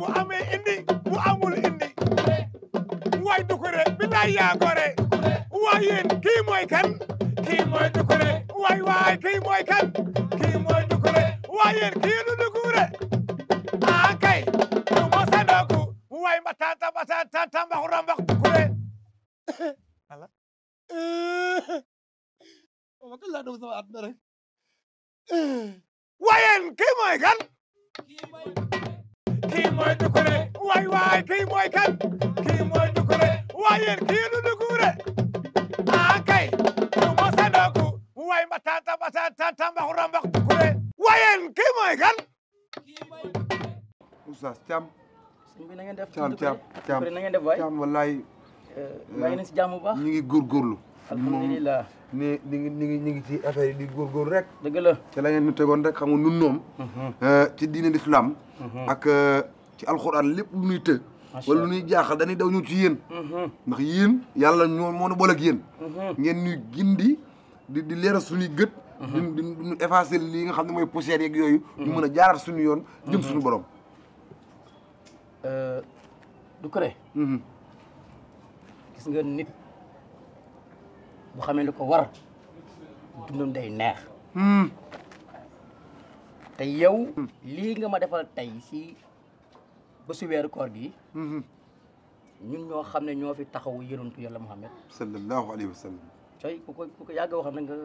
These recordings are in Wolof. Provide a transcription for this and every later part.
bu amee indi bu amul indi waay kan kii mooy Doucouré waay kan kii mooy Doucouré waay yéen kii ah, kay du ma sadaku waay ma tanta ma tanta tambaxu rambax kan kii mooy dukure waay kan kii mooy dukure waay yéen kii du dukure ah kay du ma sandoku waay ma tanta ma kan oustaz Thiam bi na ngeen def Thiam Thiam Thiam Thiam wallaay eh, maa alhamdulilah ni ni ngi ni ngi ñu ngi ci affaire yi di rek dëgg la la ngeen ñu tegoon rek xam nga nun noom mhm. eh, ci diine l'islam mhm. ak eh, ci alxuraan lépp lu ñuy të wala lu ñuy jaaxal dañuy daw ñu ci yéen mhm. ndax yéen yàlla ñoo moo nu boole ak ngeen ñuy gindi di di leeral suñuy gët di ñu effacer lii nga xam ne mooy poussière yeeg yooyu ñu mën a jaaraat suñu yoon jëm suñu borom euh, du nga bu xamee lu ko war dundam day neex hmm. te yow hmm. lii nga ma defal tey si bésu weeru koor gi hmm. ñun ñoo xam ne ñoo fi taxaw yëruntu yàlla Muhammad sallallahu alayhi wa sallam coy ku ko ku ko yàgg wax na nga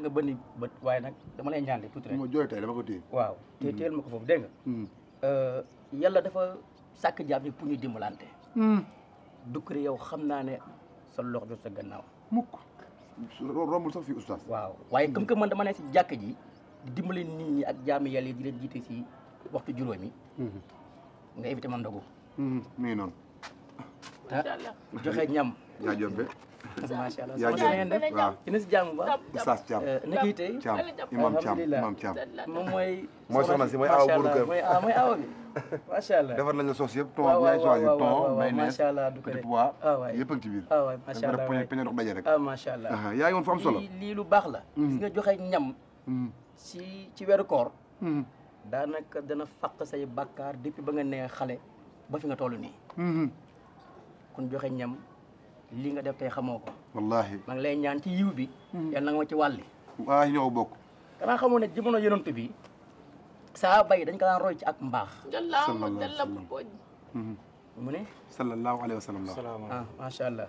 nga bënni bët waaye nag dama lay ñaan de tuuti rek ma jooy tey dama ko ma ko foofu dégg nga euh, yàlla dafa sàkk jaam ñi pour ñu dimbalante dukkure yow xam naa ne sa loxo do sa gannaaw rombul sax fii oustaz waaw waaye comme que man dama ne si jàkk ji di dimbale nit ñi ak jaamu yàlla di leen jiite si waxtu juróomi mhm. nga éviter man ndogu mhm, mi ngi noonu joxe ñam. yaa jombe. macha allah yaa jombe waaw. a si jàmm ba. Oustaz Thiam niki tey. Thiam imam Thiam moom mooy. mooy soxna si mooy awa buuru kër mooy awa mooy awa allah defar nañu sos yëpp. waaw waaw waaw waaw waaw du ko de ah, waaw waay yëpp a ngi ci biir. Ah, waaw waay ah, yaa ngi woon fu solo. lii lu baax la. Hmm. gis nga joxe ñam. Hmm. si ci weeru koor. Hmm. daanaka dana fàq say bàkkaar depuis ba nga nee xale ba fi nga toll nii kun joxe ñam lii nga def tey xamoo ko. wallaahi maa ngi lay ñaan ci yiw bi. Hmm. yal na nga ma ci wàlli. waaw ñoo bokk. danaa xamoon ne jamono yonent bi saa bay dañ ko daan ci ak mbaax. sallallahu alayhi wa sallam hmm. mu ne. sallallahu alayhi wa sallam. ah macha allah.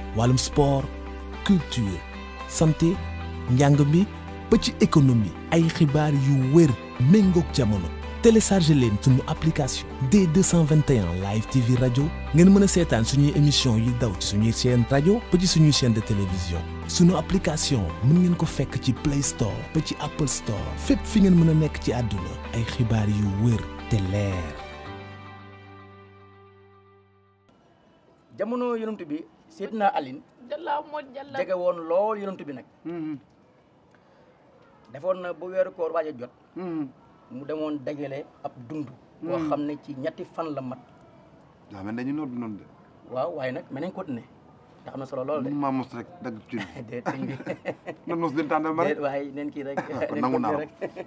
walum sport culture santé njàng mi économie ay xibaar yu wér mengok jamono téléchargé leen nous application D221 live TV Radio ngeen mën sétane seetaan suñuy émission yi daw ci suñuy chaîne radio petit ci suñuy chaîne de télévision suñu application mën ngeen ko fekk ci Play Store petit Apple Store fep fi ngeen mën a nekk ci aduna ay xibaar yu wér te leer jamono yonent bi Seydina Aline jallaaw moo jallaaw jege woon lool yonent bi nag hmm. defoon na bu weeru koor waja jot hmm mu demone dajale ab dundu hmm. boo xam ne ci ñetti fan la mat da man dañu nodd non de waaw waaye nak menen ko ne da xamna solo lol de ma mos rek dag ci de sëñ bi nan mos leen tan ma rek waaye neen rek ah,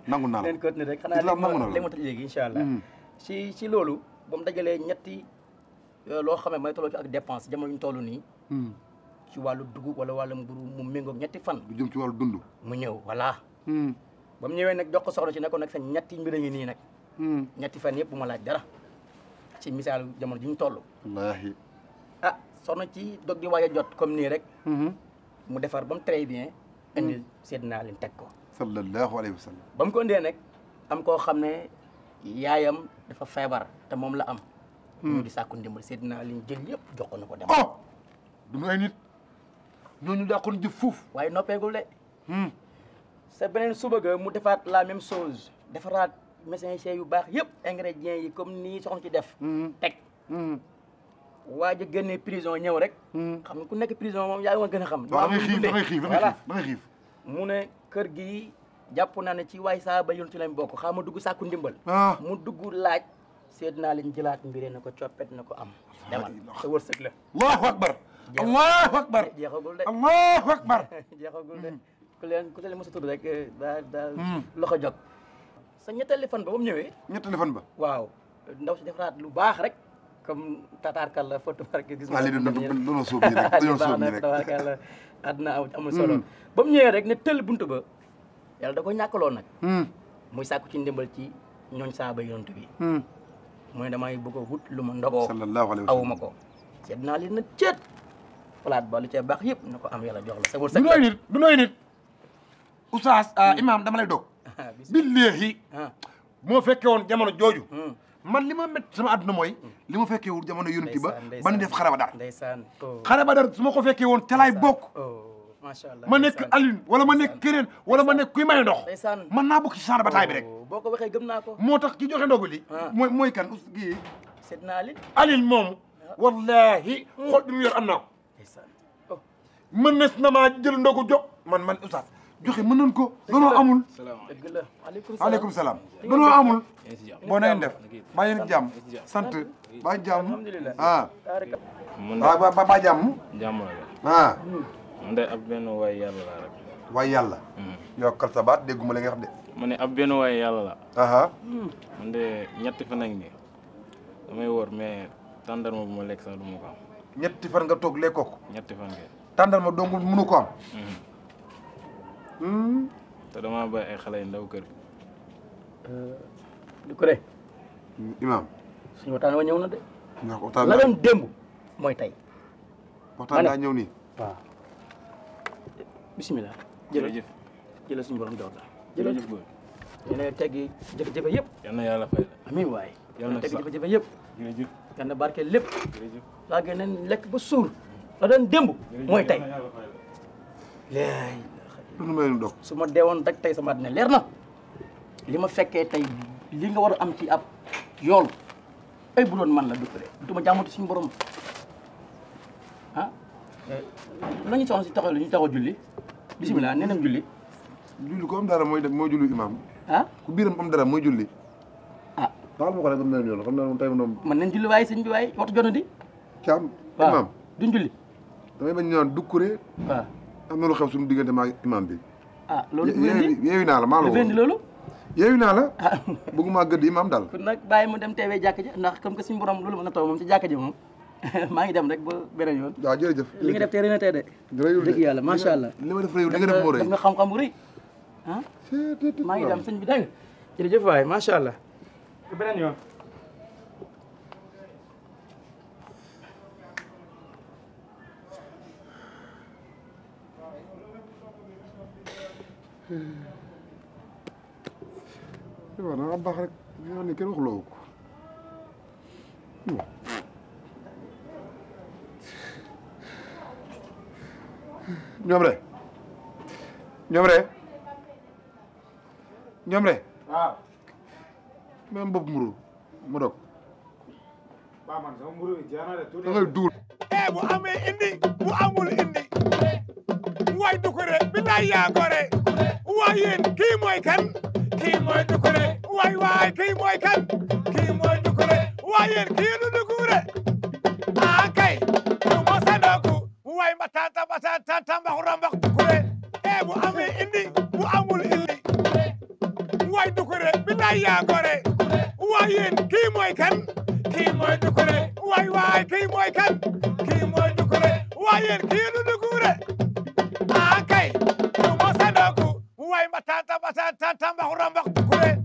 nanguna rek ko ne rek xana le ma tëj léegi incha ci hmm. si si loolu ba mu dajalee ñetti euh, loo xam ne mooy ci ak dépenses jamono ñu tolu ni Hmm. ci wàllu dugub wala wàllu mburu mu méngoog ñetti fan. bu jëm ci wàllu dund. mu ñëw voilà. Hmm. ba mu ñëwee nag jox ko soxna si ne ko nag sa ñetti mbir a ngi nii nag. Hmm. ñetti fan yëpp bu ma laaj dara ci misaal jamono ji ñu toll. wallaahi. ah ci dog di jot comme nii rek. mu defar ba mu très bien. indi seet naa leen teg ko. sallallahu alayhi wa sallam. ba nag am koo xam ne yaayam dafa feebar te moom la am. ñu di sàkku ndimbal seet naa leen jël yëpp jox ko na ko dem. Oh! duñu ay nit ñooñu dàqoon jëf fuuf. waaye noppeegul de. Hmm. sa beneen suba mu defaat la même chose defaraat messager yu baax yëpp ingrédients yi comme nii soxna ci def. Hmm. teg. Hmm. waa ji génne prison ñëw rek. xam nga ku nekk prison moom yaa ngi gën a xam. waaw da ngay xiif da ngay mu ne kër gi jàpp naa ne ci waay saa ba yontu lañ bokk xaama dugg sàkku ndimbal. Ah. mu dugg laaj seet naa leen jëlaat mbiree na ko coppet na ko am. demal sa wërsëg la. allahu akbar jeexagul de allahu akbar jeexagul de ku leen ku leen mos a tudd rek eh, daal daal hmm. loxo jot sa ñetteeli fan ba ba mu ñëwee ñetteeli fan ba waaw ndaw si defaraat lu baax rek comme tatarkal la fotu barke gis nga dañoo sóob nii rek dañoo rek tatarkal la àddina amul hmm. solo ba mu ñëwee ne tëll buntu ba yàlla da ko ñàkkaloon nag hmm. muy sàkku ci ndimbal ci ñooñ saaba yonent bi mooy damay bëgg a wut lu ma ndogoo sallallahu alayhi ko seet naa li na cët palaat ba lu cee baax yëpp na ko am yàlla jox la sa wërsëg du nooy nit du nooy ah, hmm. dama lay doog ah, billahi ah. moo fekke woon jamono jooju hmm. man li ma métti sama àdduna mooy hmm. li ma fekkee wul jamono yonent ba ba ñu def xare ba dar oh. xare ba dar su ma ko fekkee woon te laay bokk oh, macha allah ma nekk Aline wala ma nekk keneen wala ma nekk kuy may ndox man naa bokk ci champ de bataille bi rek oh, boo ko waxee gëm naa ko moo tax ki joxe ndogu li mooy mooy kan us gi Seydina Aline Aline moom wallahi xool bi mu am naa Oh. mënees nama maa jël ndogu man man oustaz joki mën dulu amul aleykum salaam Dulu amul boo na Bayar jam. baa yéen jàmm ah waaw ba Jam jàmm ah man de ab benn waay yàlla la rek waay yàlla hmm. yokkal sa baat dégguma la wax de ma ab la aha man de ñetti fan ak nii damay wóor mais tàndarma bu sax ko am ñetti fan nga Nyetifan. lekkoo ko. ñetti fan kay. tàndal ma dongul mënu ko am. Mm-hmm. Mm. te damaa bàyyi ay xale yu ndaw kër di ko de. demo. suñu waxtaan wa ñëw na de. Bismillah. waxtaan la doon démb mooy tey. waxtaan daa ñëw nii. waaw. bisimilah. Yang jërëjëf suñu borom dawla. jërëjëf booy. yéen a teggi jafe-jafe fay la. teggi ganna na lepp lépp laa gën nañ lekk ba suur la dañ dembu moy tay léegi nu may nu dox su ma deewoon sama dina lérna lima féké tay li nga war am ci ab yool ay eh, bu doon man la dupré duma jaamatu suñu borom ah lañu ñu ci taxaw li ñu taxaw julli bismillah nenañ julli julli ko am dara moy def moy julli imam ha ku biram am dara moy julli baal ma ko rek gëm nañu yoon xam naa moom tey moom. mën nañ julli waaye sëñ bi waaye waxtu jot di. caam imaam duñ julli. damay bañ ñu naan dukkure. waaw am na lu xew suñu diggante maa imaam ah, loolu yeewi naa la maa la woo loolu. yeewi naa ah. daal. kon nag bàyyi mu dem teewee jàkka ja ndax comme que suñu borom loolu mën na toog moom ci jàkka ja moom maa ngi dem rek ba yoon. waaw jërëjëf li nga def tey rëy na yàlla macha allah. li ma def rëyul li nga nga xam-xam bu rëy ah. maa ngi dem sëñ bi dégg nga jërëjëf macha allah problema nenhum. E é a única no louco. Nhombre. Nhombre. Nhombre. Ah. même bopp mburu mu dog ba man sama mburu bi jeex na de tuuti da ngay duul eh bu amee indi bu amul indi waay Doucouré billaay yaa gore waay yéen kii mooy kan kii mooy Doucouré waay waay kii mooy kan kii mooy Doucouré waay yéen kii nu Doucouré ah kay du mosa dooku waay ma tata ma tata tambaxu rambax Doucouré eh bu amee indi bu amul indi waay Doucouré billaay yaa gore waay yéen kii mooy kan kii mooy Doucouré waay waay kii mooy kan kii mooy Doucouré waay yéen kii du Doucouré a ah, kay du ma sadoku waay mbatata batata tambaxura mbax Doucouré